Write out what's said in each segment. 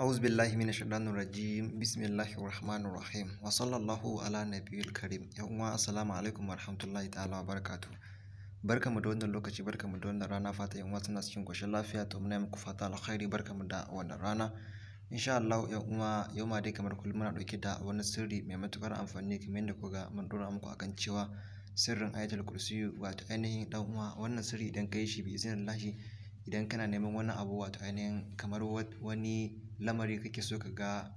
أعوذ بالله من الشيطان الرجيم بسم الله الرحمن الرحيم وصلى الله على ya الكريم يوم السلام عليكم ورحمة الله تعالى وبركاته barka mu da wannan lokaci barka mu da wannan rana fata yan suna cikin koshin lafiya to muna muku fata alkhairi barka mu da wannan rana insha Allah ya uwa yau ma dai kamar kullum muna dauke da wani sirri mai matukar amfani kamar yadda kuga mun dora muku akan cewa sirrin ayatul kursiyu wato ainihin dan uwa wannan sirri idan kai shi bi izinin lahi idan kana neman wani abu wato ainihin kamar wani lamari kake so ka ga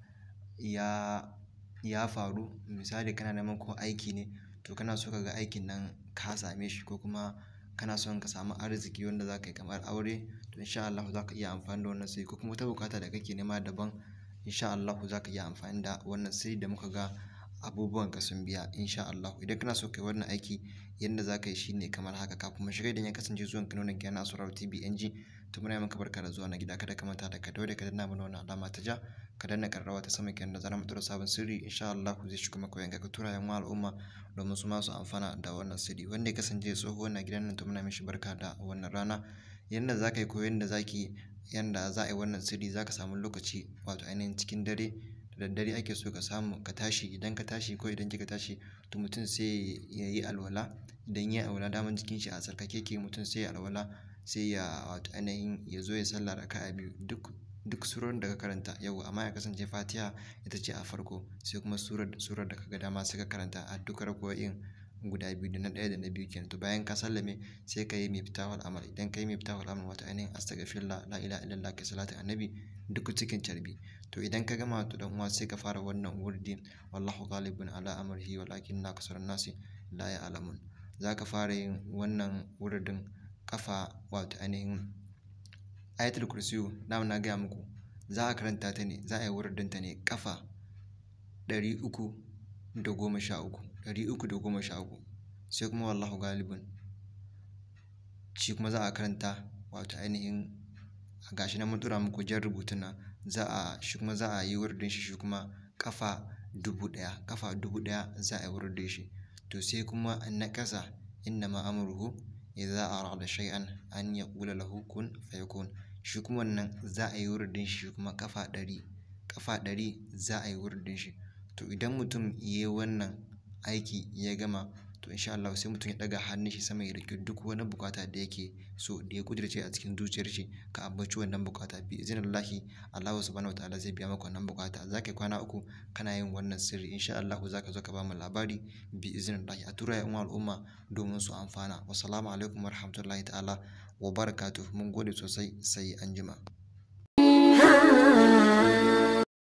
ya, faru misali kana neman ko aiki ne to kana so ka ga aikin nan ka same shi ko kuma kana so ka samu arziki wanda za ka yi kamar aure to insha Allahu za ka iya amfani da wannan sai ko kuma wata buƙata da kake nema daban insha Allahu za ka iya amfani da wannan sai da muka ga abubuwan ka sun biya insha Allah idan kana so kai wannan aiki yanda za ka yi shi ne kamar haka kafin mu shiga idan ya kasance zuwan ka nonon kenan asrar TBNG to muna maka barka da zuwa na gida kada ka manta da ka daure ka danna mana wannan alama ta ja ka danna karrawa ta sama kenan da zaran mu tura sabon sirri insha Allah zai shiga maka wayan ka tura yan al'umma domin su ma su amfana da wannan sirri wanda ya kasance tsoho na gidan nan to muna mishi barka da wannan rana yanda za ka yi ko yanda za ki yanda za a yi wannan sirri za ka samu lokaci wato ainihin cikin dare da daddare ake so ka samu ka tashi idan ka tashi ko idan kika tashi to mutum sai ya yi alwala idan ya yi alwala daman jikin shi a tsarkake ke mutum sai ya alwala sai ya wato ainihin ya zo ya sallah a biyu duk duk surar da ka karanta yau amma ya kasance fatiha ita ce a farko sai kuma surar da ka ga dama sai ka karanta a duka rako'in guda biyu da na ɗaya da na biyu kenan to bayan ka sallame sai ka yi miftahul amal idan ka yi miftahul amal wata ainihin astaghfirullah la ilaha illallah ka salatu annabi duk cikin carbi to idan ka gama to dan uwa sai ka fara wannan wurdi wallahu ghalibun ala amrihi walakin na kasar nasi la ya alamun za ka fara yin wannan wurdin kafa wato ainihin ayatul kursiyu na na gaya muku za a karanta ta ne za a yi ta ne kafa ɗari uku da goma sha uku, ɗari uku da goma sha uku. Sai kuma wallahu galibin Shi kuma za a karanta wato ainihin ga shi na mun muku jan rubutun nan za a shi kuma za a yi wurdin shi shi kuma ƙafa dubu ɗaya ƙafa dubu ɗaya za a yi wurdin shi. To sai kuma na ƙasa inna ma amruhu idza arada shay'an an yaqula lahu kun fayakun. Shi kuma wannan za a yi wurdin shi kuma ƙafa ɗari ƙafa ɗari za a yi wurdin shi. To idan mutum ya wannan aiki ya gama to insha Allah sai mutum ya daga hannun shi sama ya rike duk wani bukata da yake so da ya ƙudirce a cikin zuciyar shi ka ambaci wannan bukata bi iznillahi Allahu subhanahu wataala zai biya maka wannan buƙata za ka kwana uku kana yin wannan sirri in Allah zaka za ka zo ka ba mu labari bi iznillahi a tura yan al'umma domin su amfana wa salamu alaikum warahmatullahi ta'ala wa barakatuh mun gode sosai sai anjima.